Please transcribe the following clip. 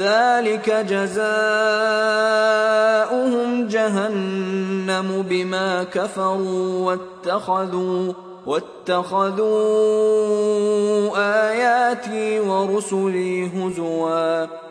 ذلك جزاؤهم جهنم بما كفروا واتخذوا واتخذوا آياتي ورسلي هزواً